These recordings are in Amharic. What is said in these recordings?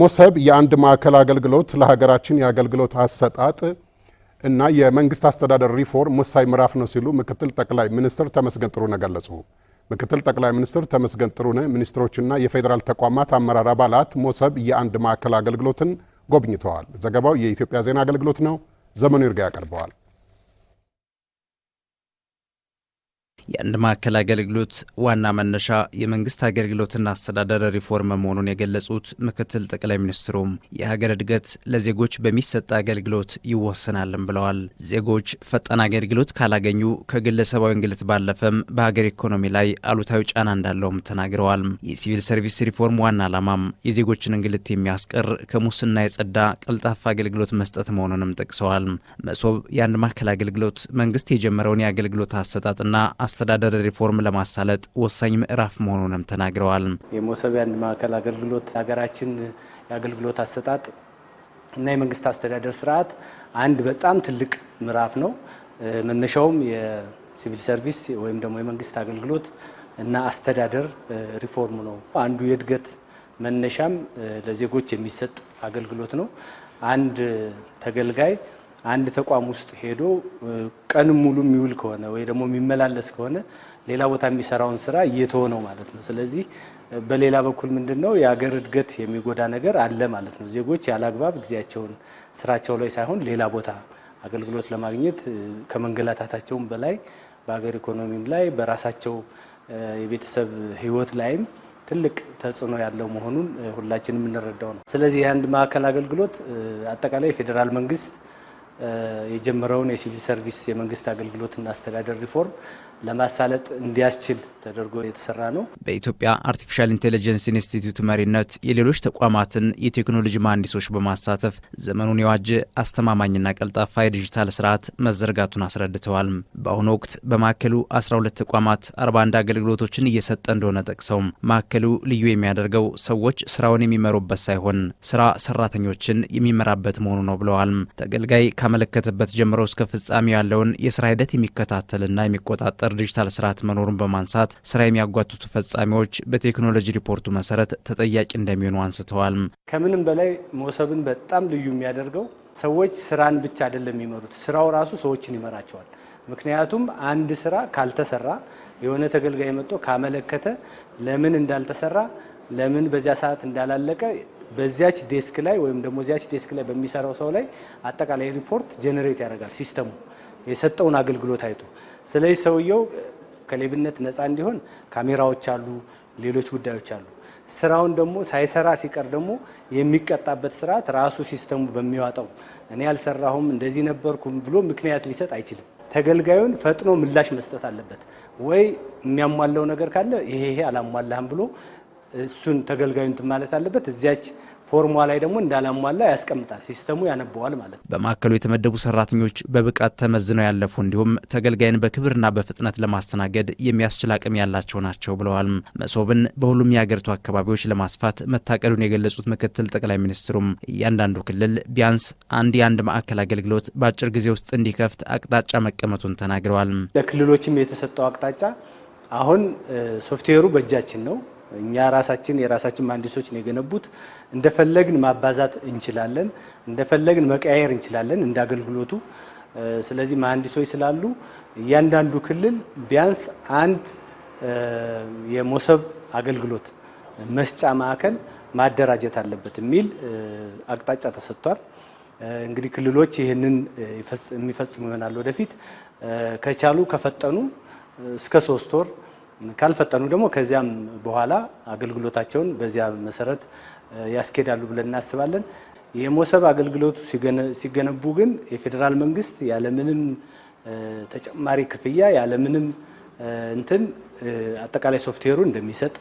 ሞሰብ የአንድ ማዕከል አገልግሎት ለሀገራችን የአገልግሎት አሰጣጥ እና የመንግስት አስተዳደር ሪፎርም ወሳኝ ምዕራፍ ነው ሲሉ ምክትል ጠቅላይ ሚኒስትር ተመስገን ጥሩነህ ገለጹ። ምክትል ጠቅላይ ሚኒስትር ተመስገን ጥሩነህ ሚኒስትሮችና የፌዴራል ተቋማት አመራር አባላት ሞሰብ የአንድ ማዕከል አገልግሎትን ጎብኝተዋል። ዘገባው የኢትዮጵያ ዜና አገልግሎት ነው። ዘመኑ ይርጋ ያቀርበዋል። የአንድ ማዕከል አገልግሎት ዋና መነሻ የመንግስት አገልግሎትና አስተዳደር ሪፎርም መሆኑን የገለጹት ምክትል ጠቅላይ ሚኒስትሩም የሀገር እድገት ለዜጎች በሚሰጥ አገልግሎት ይወሰናልም ብለዋል። ዜጎች ፈጣን አገልግሎት ካላገኙ ከግለሰባዊ እንግልት ባለፈም በሀገር ኢኮኖሚ ላይ አሉታዊ ጫና እንዳለውም ተናግረዋል። የሲቪል ሰርቪስ ሪፎርም ዋና ዓላማም የዜጎችን እንግልት የሚያስቀር ከሙስና የጸዳ ቀልጣፋ አገልግሎት መስጠት መሆኑንም ጠቅሰዋል። መሶብ የአንድ ማዕከል አገልግሎት መንግስት የጀመረውን የአገልግሎት አሰጣጥና አስተዳደር ሪፎርም ለማሳለጥ ወሳኝ ምዕራፍ መሆኑንም ተናግረዋል። የመሶብ የአንድ ማዕከል አገልግሎት ሀገራችን የአገልግሎት አሰጣጥ እና የመንግስት አስተዳደር ስርዓት አንድ በጣም ትልቅ ምዕራፍ ነው። መነሻውም የሲቪል ሰርቪስ ወይም ደግሞ የመንግስት አገልግሎት እና አስተዳደር ሪፎርም ነው። አንዱ የእድገት መነሻም ለዜጎች የሚሰጥ አገልግሎት ነው። አንድ ተገልጋይ አንድ ተቋም ውስጥ ሄዶ ቀን ሙሉ የሚውል ከሆነ ወይ ደግሞ የሚመላለስ ከሆነ ሌላ ቦታ የሚሰራውን ስራ እየተወ ነው ማለት ነው። ስለዚህ በሌላ በኩል ምንድን ነው የሀገር እድገት የሚጎዳ ነገር አለ ማለት ነው። ዜጎች ያለአግባብ ጊዜያቸውን ስራቸው ላይ ሳይሆን ሌላ ቦታ አገልግሎት ለማግኘት ከመንገላታታቸውም በላይ በሀገር ኢኮኖሚም ላይ በራሳቸው የቤተሰብ ህይወት ላይም ትልቅ ተጽዕኖ ያለው መሆኑን ሁላችንም የምንረዳው ነው። ስለዚህ የአንድ ማዕከል አገልግሎት አጠቃላይ የፌዴራል መንግስት የጀመረውን የሲቪል ሰርቪስ የመንግስት አገልግሎትና አስተዳደር ሪፎርም ለማሳለጥ እንዲያስችል ተደርጎ የተሰራ ነው። በኢትዮጵያ አርቲፊሻል ኢንቴሊጀንስ ኢንስቲትዩት መሪነት የሌሎች ተቋማትን የቴክኖሎጂ መሀንዲሶች በማሳተፍ ዘመኑን የዋጀ አስተማማኝና ቀልጣፋ የዲጂታል ስርዓት መዘርጋቱን አስረድተዋል። በአሁኑ ወቅት በማዕከሉ 12 ተቋማት 41 አገልግሎቶችን እየሰጠ እንደሆነ ጠቅሰው ማዕከሉ ልዩ የሚያደርገው ሰዎች ስራውን የሚመሩበት ሳይሆን ስራ ሰራተኞችን የሚመራበት መሆኑ ነው ብለዋል። ተገልጋይ ከተመለከተበት ጀምሮ እስከ ፍጻሜው ያለውን የስራ ሂደት የሚከታተልና የሚቆጣጠር ዲጂታል ስርዓት መኖሩን በማንሳት ስራ የሚያጓትቱ ፈጻሚዎች በቴክኖሎጂ ሪፖርቱ መሰረት ተጠያቂ እንደሚሆኑ አንስተዋል። ከምንም በላይ መውሰብን በጣም ልዩ የሚያደርገው ሰዎች ስራን ብቻ አይደለም የሚመሩት፣ ስራው ራሱ ሰዎችን ይመራቸዋል። ምክንያቱም አንድ ስራ ካልተሰራ የሆነ ተገልጋይ መጥቶ ካመለከተ ለምን እንዳልተሰራ ለምን በዚያ ሰዓት እንዳላለቀ በዚያች ዴስክ ላይ ወይም ደግሞ እዚያች ዴስክ ላይ በሚሰራው ሰው ላይ አጠቃላይ ሪፖርት ጀኔሬት ያደርጋል ሲስተሙ የሰጠውን አገልግሎት አይቶ። ስለዚህ ሰውየው ከሌብነት ነፃ እንዲሆን ካሜራዎች አሉ፣ ሌሎች ጉዳዮች አሉ። ስራውን ደግሞ ሳይሰራ ሲቀር ደግሞ የሚቀጣበት ስርዓት ራሱ ሲስተሙ በሚዋጣው እኔ ያልሰራሁም እንደዚህ ነበርኩም ብሎ ምክንያት ሊሰጥ አይችልም። ተገልጋዩን ፈጥኖ ምላሽ መስጠት አለበት ወይ የሚያሟላው ነገር ካለ ይሄ ይሄ አላሟላህም ብሎ እሱን ተገልጋዩ እንትን ማለት አለበት። እዚያች ፎርሟ ላይ ደግሞ እንዳላሟላ ያስቀምጣል፣ ሲስተሙ ያነበዋል ማለት ነው። በማዕከሉ የተመደቡ ሰራተኞች በብቃት ተመዝነው ያለፉ እንዲሁም ተገልጋይን በክብርና በፍጥነት ለማስተናገድ የሚያስችል አቅም ያላቸው ናቸው ብለዋል። መሶብን በሁሉም የሀገሪቱ አካባቢዎች ለማስፋት መታቀዱን የገለጹት ምክትል ጠቅላይ ሚኒስትሩም እያንዳንዱ ክልል ቢያንስ አንድ የአንድ ማዕከል አገልግሎት በአጭር ጊዜ ውስጥ እንዲከፍት አቅጣጫ መቀመጡን ተናግረዋል። ለክልሎችም የተሰጠው አቅጣጫ አሁን ሶፍትዌሩ በእጃችን ነው እኛ ራሳችን የራሳችን መሀንዲሶች ነው የገነቡት። እንደፈለግን ማባዛት እንችላለን፣ እንደፈለግን መቀያየር እንችላለን እንደ አገልግሎቱ። ስለዚህ መሀንዲሶች ስላሉ እያንዳንዱ ክልል ቢያንስ አንድ የሞሰብ አገልግሎት መስጫ ማዕከል ማደራጀት አለበት የሚል አቅጣጫ ተሰጥቷል። እንግዲህ ክልሎች ይህንን የሚፈጽሙ ይሆናል። ወደፊት ከቻሉ ከፈጠኑ እስከ ሶስት ወር ካልፈጠኑ ደግሞ ከዚያም በኋላ አገልግሎታቸውን በዚያ መሰረት ያስኬዳሉ ብለን እናስባለን። የሞሰብ አገልግሎቱ ሲገነቡ ግን የፌዴራል መንግስት ያለምንም ተጨማሪ ክፍያ ያለምንም እንትን አጠቃላይ ሶፍትዌሩ እንደሚሰጥ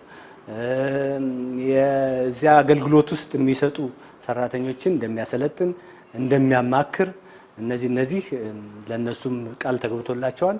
የዚያ አገልግሎት ውስጥ የሚሰጡ ሰራተኞችን እንደሚያሰለጥን እንደሚያማክር እነዚህ እነዚህ ለእነሱም ቃል ተገብቶላቸዋል።